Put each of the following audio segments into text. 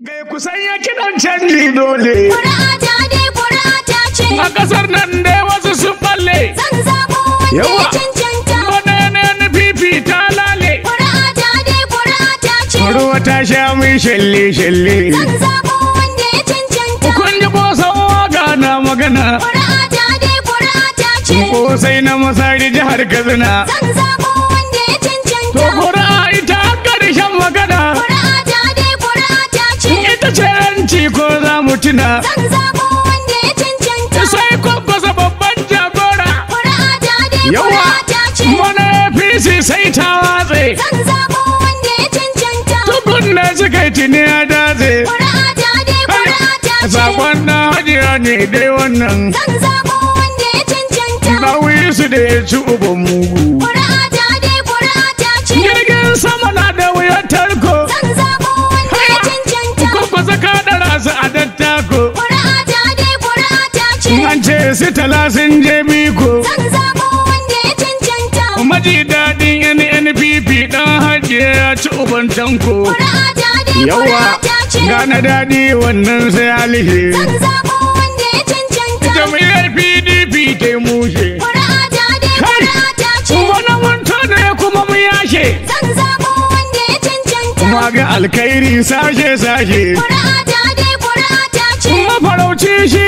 Gai kusan ya kiɗan canji dole. Kura'ata dai kura'ata ce. A ƙasar nan dai wasu sun balle. Zan zaɓo wanda ya cancanta. Wanda ne na fifi ta lale. Kura'ata dai kura'ata ce. Ruwa ta sha mai shalle shalle. Zan zaɓo wanda ya cancanta. Kun ji ƙosan waga na magana. Kura'ata dai kura'ata ce. Ƙosai na masari jihar Katsina. Zan zaɓo tuna zan zabo wanda ya cancanta sai kwakwasa babban jagora ƙura'a ta dai ƙura'a ta ce mana APC sai ta watse zan zabo wanda ya cancanta tukun na suka yi tuni ya datse ƙura'a ta dai ƙura'a ta ce sakon na hajiya ne dai wannan zan zabo wanda ya cancanta ba wuyi su da ya ci uban mugu murtala sun je biko cancanta maji nnpp ɗan hajiya ya ci uban tanko yawa gana daɗi wannan sai alihi jam'iyyar pdp ta yi mushe wani wanta ne kuma mu yashe kuma ga alkhairi sashe sashe kuma farauci shi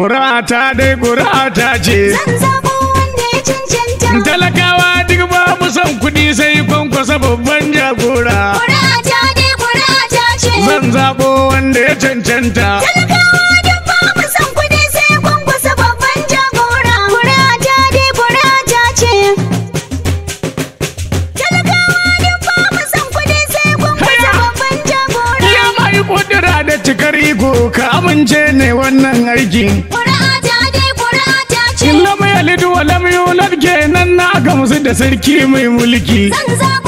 Kurata dai kurata ce zan zaɓo wanda ya cancanta talakawa duk ba mu son kuɗi sai kwankwasa babban jagora Kurata dai kurata ce zan zaɓo wanda ya cancanta Kudura da cikar iko ka amince ne wannan aiki. Ƙuri'a ta dai ta ce. wa lam yulad kenan na gamsu da sarki mai mulki. Zan